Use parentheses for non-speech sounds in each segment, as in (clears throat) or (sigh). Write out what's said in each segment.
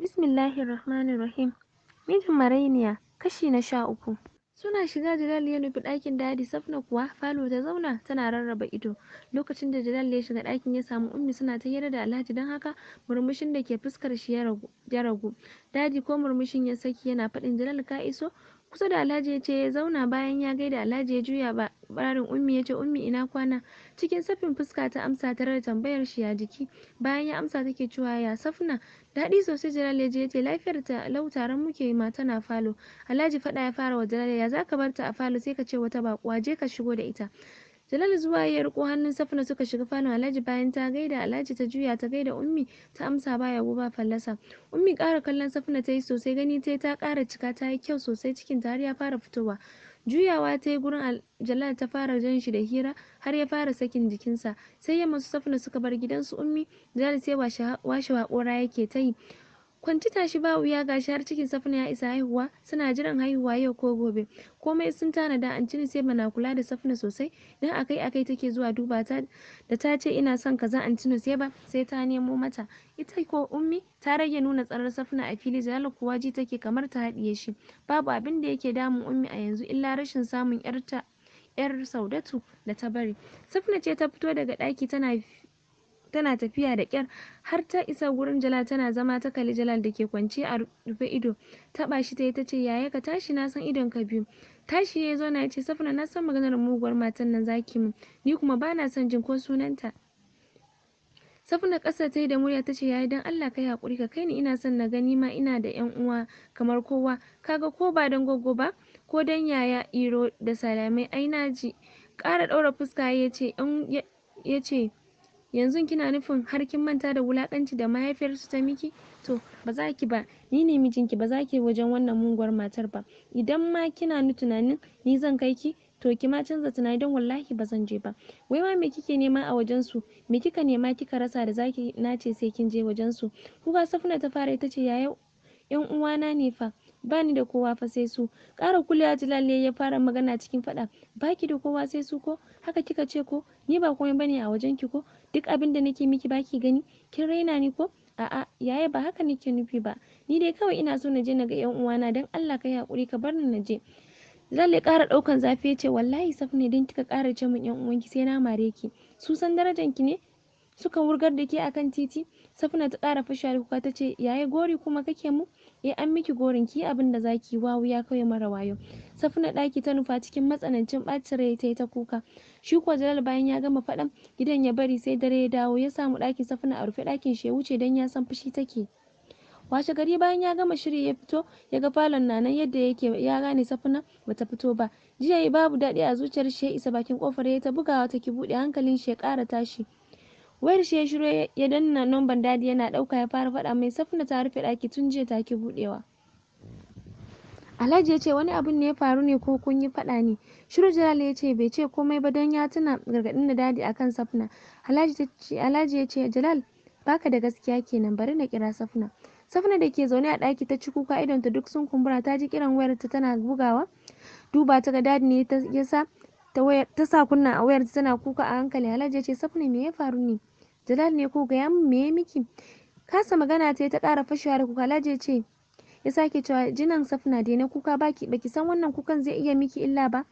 Bismillahir Rahmanir Rahim. Mijin Marainiya, kashi na sha uku. Suna shiga Jalal ya nufi ɗakin dadi Safna kuwa falo ta zauna tana rarraba ido. Lokacin da Jalal ya shiga ɗakin ya samu ummi suna ta hira da Alhaji don haka murmushin da ke fuskar shi ya ragu. Dadi ko murmushin ya saki yana faɗin Jalal ka iso kusa da alhaji ya ce ya zauna bayan ya gaida alhaji ya juya ba bararin ummi ya ce ummi ina kwana cikin safin fuska ta amsa tare da tambayar shi ya jiki bayan ya amsa take cewa ya safna daɗi sosai jalal ya je ya ce lafiyar ta lau taron muke ma tana falo alhaji faɗa ya fara wa jalal ya zaka barta a falo sai ka ce wata bakuwa je ka shigo da ita jalal zuwa ya riko hannun safina suka shiga falon alhaji bayan ta gaida alhaji ta juya ta gaida ummi ta amsa ba yabo ba fallasa ummi kara kallon safina ta yi sosai gani ta ta kara cika ta yi kyau sosai cikin ta har ya fara fitowa juyawa ta yi gurin jalal ta fara jan shi da hira har ya fara sakin jikinsa sai yamma su safina suka bar gidansu ummi jalal sai washe waƙora yake ta yi kwanci tashi ba wuya gashi har cikin safina ya isa haihuwa suna jiran haihuwa yau ko gobe komai sun tanada an cini sai bana kula da safina sosai dan akai akai take zuwa duba ta da ta ce ina son kaza an cini sai ba sai ta nemo mata ita ko ummi ta rage nuna tsarar safina a fili jalal kuwa ji take kamar ta haɗiye shi babu abin da yake damun ummi a yanzu illa rashin samun yarta yar saudatu da ta bari safina ce ta fito daga ɗaki tana tana tafiya da ƙyar har ta isa gurin jala tana zama ta kalli jala da ke kwance a rufe ido taɓa shi ta yi ta ce yaya ka tashi na san idon ka biyu tashi ya zo na ce safna na san maganar muguwar matan nan zaki mu ni kuma bana son jin ko sunanta safina ƙasa ta yi da murya ta ce dan Allah kai haƙuri ka kai ni ina son na gani ma ina da yan uwa kamar kowa kaga ko ba dan goggo ba ko dan yaya iro da salamai ai na ji ƙara ɗaura fuska ya ce yanzu kina nufin har kin manta da wulakanci da mahaifiyarsu ta miki to ba za ki ba ni ne mijinki ba za ki wajen wannan munguwar matar ba idan ma kina ni tunanin ni zan kai ki to ki ma canza tunani don wallahi ba zan je ba wai ma me kike nema a wajen su me kika nema kika rasa da zaki nace sai kin je wajen su kuka safna ta fara ita ce yaya yan uwana ne fa bani da kowa fa sai su ƙara kuliya jalal lalle ya fara magana cikin faɗa baki da kowa sai su ko haka kika ce ko ni ba komai bane a wajen ki ko duk abin da nake miki baki gani kin raina ni ko a'a yaya ba haka nake nufi ba ni dai kawai ina so na je na ga yan uwana dan Allah ka hakuri ka bar ni na je lalle ƙara ɗaukan zafi ya ce wallahi saf ne don kika ƙara ce min yan uwanki sai na mare ki su san darajan ki ne suka wurgar da ke akan titi safna ta ƙara fashewa da kuka ta ce yaya gori kuma kake mu eh an miki gorin ki abinda zaki wawu ya kawai mara wayo safina daki ta nufa cikin matsanancin ɓacin rai ta yi ta kuka shi kuwa jalal bayan ya gama faɗan gidan ya bari sai dare ya dawo ya samu dakin safina a rufe dakin shi ya wuce don ya san fushi take washe gari bayan ya gama shiri ya fito ya ga falon nanan yadda yake ya gane safina bata fito ba jiya babu daɗi a zuciyar shi ya isa bakin kofar ya ta bugawa ta ki buɗe hankalin shi ya ƙara tashi wayar shi ya shiru ya danna numban dadi yana dauka ya fara faɗa mai safna ta rufe daki tun jiya take budewa Alhaji ya ce wani abin ne ya faru ne ko kun yi fada ne. Shiru Jalal ya ce bai ce komai ba don ya tuna gargadin da dadi akan Safna. Alhaji ya ce Jalal baka da gaskiya kenan bari na kira Safna. Safna da ke zaune a daki ta ci kuka idan ta duk sun kumbura ta ji kiran wayarta tana bugawa. Duba ta ga dadi ne ya sa ta sa kunna a wayarta tana kuka a hankali Alhaji ya ce Safna me ya faru ne? jalal ne ko gaya min me miki kasa magana ta ta ƙara fashewa da kuka laje ce ya sake cewa jinan safna dai na kuka baki baki san wannan kukan zai iya miki illa ba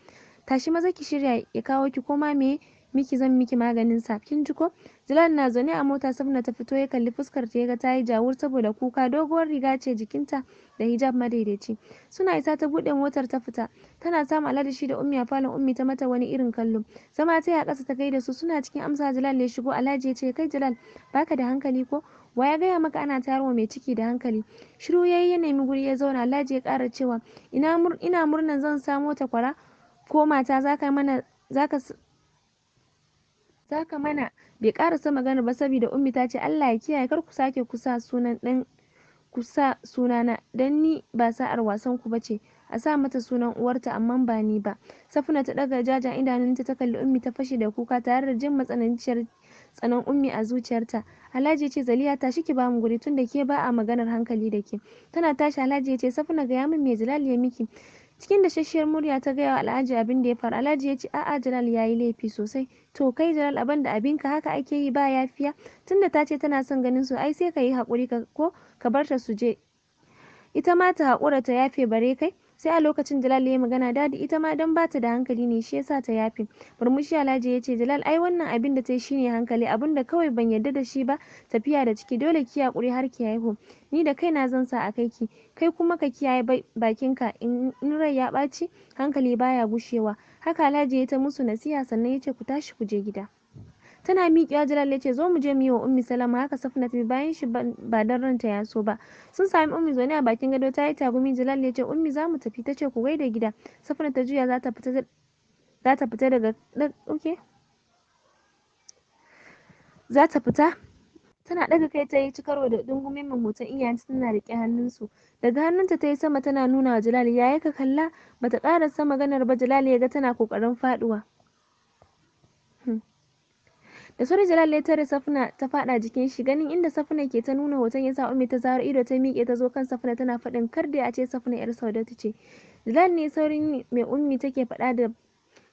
tashi maza ki shirya ya kawo ki koma me miki zan miki maganin sa kin ji ko Zilan na zaune a mota sabna ta fito ya kalli fuskar ta ga ta yi jawur saboda kuka doguwar riga ce jikinta da hijab madaidaici suna isa ta bude motar ta fita tana samu samun shi da ummi a falon ummi ta mata wani irin kallo zama ta a kasa ta gaida su suna cikin amsa Jalal ya shigo Alhaji ya ce kai Jalal baka da hankali ko wa ya gaya maka ana tayarwa mai ciki da hankali shiru yayi ya nemi guri ya zauna Alhaji ya kara cewa ina murnan zan samo ta kwara ko mata zaka mana zaka saka mana bai karasa magana ba saboda ummi ta ce Allah ya kiyaye kar ku sake kusa sunan dan kusa sunana dan ni ba sa'ar wasan ku bace a sa mata sunan uwarta amma ba ni ba safuna ta daga jajan idanunta ta kalli ummi ta fashe da kuka tare da jin matsananciyar tsanan ummi a zuciyarta alhaji ce zaliya ta ki ba mu guri tunda ke ba a maganar hankali da ke tana tashi alhaji ce safuna ga yamin mai jalal ya miki cikin shashiyar murya ta gaya wa alhaji abin da ya faru alhaji ya ce a'a jalal ya yi laifi sosai to kai jalal abin da abinka haka ake yi ba yafiya tunda ta ce tana son ganin su ai sai ka yi haƙuri ko ka bar ta su je ita ma ta haƙura ta yafe bare kai sai a lokacin Jalal ya magana dadi ita ma dan bata da hankali ne shi yasa ta yafe murmushi Alhaji ya ce Jalal ai wannan abin da ta yi shine hankali abin da kawai ban yarda da shi ba tafiya da ciki dole ki hakuri har ki haihu ni da kaina zan sa a kai ki kai kuma ka kiyaye bakinka in rai ya baci hankali baya gushewa haka Alhaji ya ta musu nasiha sannan ya ce ku tashi ku je gida tana miƙewa jalal ya ce zo mu je mu yi wa ummi salama haka safna ta bayan shi ba dan ranta ya so ba sun sami ummi zaune a bakin gado ta yi tagumi jalal ya ce ummi za mu tafi ta ce ku gaida gida safna ta juya za ta fita za ta daga za ta fita tana daga kai ta yi cikarwa da dungumin mai hoton iyayenta tana riƙe hannunsu daga hannunta ta yi sama tana nuna wa jalal ya ka kalla bata ƙarasa maganar ba jalal ya ga tana kokarin faɗuwa da sauri jalal ya tare safna ta fada jikin shi ganin inda safna ke ta nuna hoton yasa ummi ta zaro ido ta miƙe ta zo kan safna tana faɗin kar da a ce safna yar saudatu ce jalal ne saurin mai ummi take faɗa da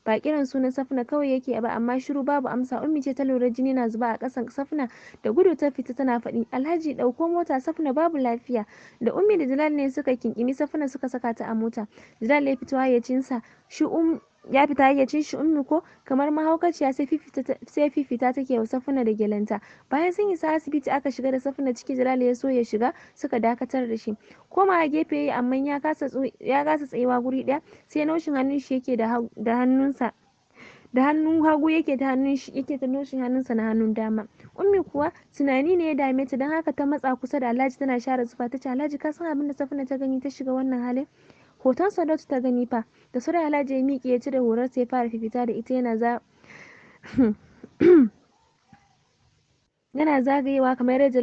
ba kiran sunan safna kawai yake ba amma shiru babu amsa ummi ce ta lura jini na zuba a kasan safna da gudu ta fita tana faɗi alhaji ɗauko mota safna babu lafiya da ummi da jalal ne suka kinkimi safna suka saka ta a mota jalal ya ya cinsa shi um ya fita cin shi ummi ko kamar mahaukaciya sai fifita take wa safuna da gelanta bayan sun isa asibiti aka shiga da safuna ciki jalal ya so ya shiga suka dakatar da shi koma a gefe amma ya kasa ya tsayuwa guri daya sai naushin hannun shi yake da da hannunsa da hannun hagu yake da hannun shi yake da noshin hannunsa na hannun dama ummi kuwa tunani ne ya dame ta don haka ta matsa kusa da alhaji tana share zufa ta ce alhaji ka san abin da safuna ta gani ta shiga wannan halin hoton sadatu ta gani fa da sura alhaji ya miƙe ya cire horar ya fara fifita da ita yana za (clears throat) yana zagayewa kamar yadda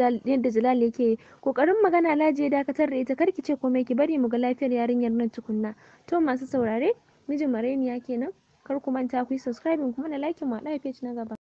jalal yake yi kokarin magana ya dakatar da ita karki ce komai ki bari mu ga lafiyar yarinyar nan tukunna to masu saurare mijin ya kenan kar ku manta ku yi subscribing kuma na like mu a page na gaba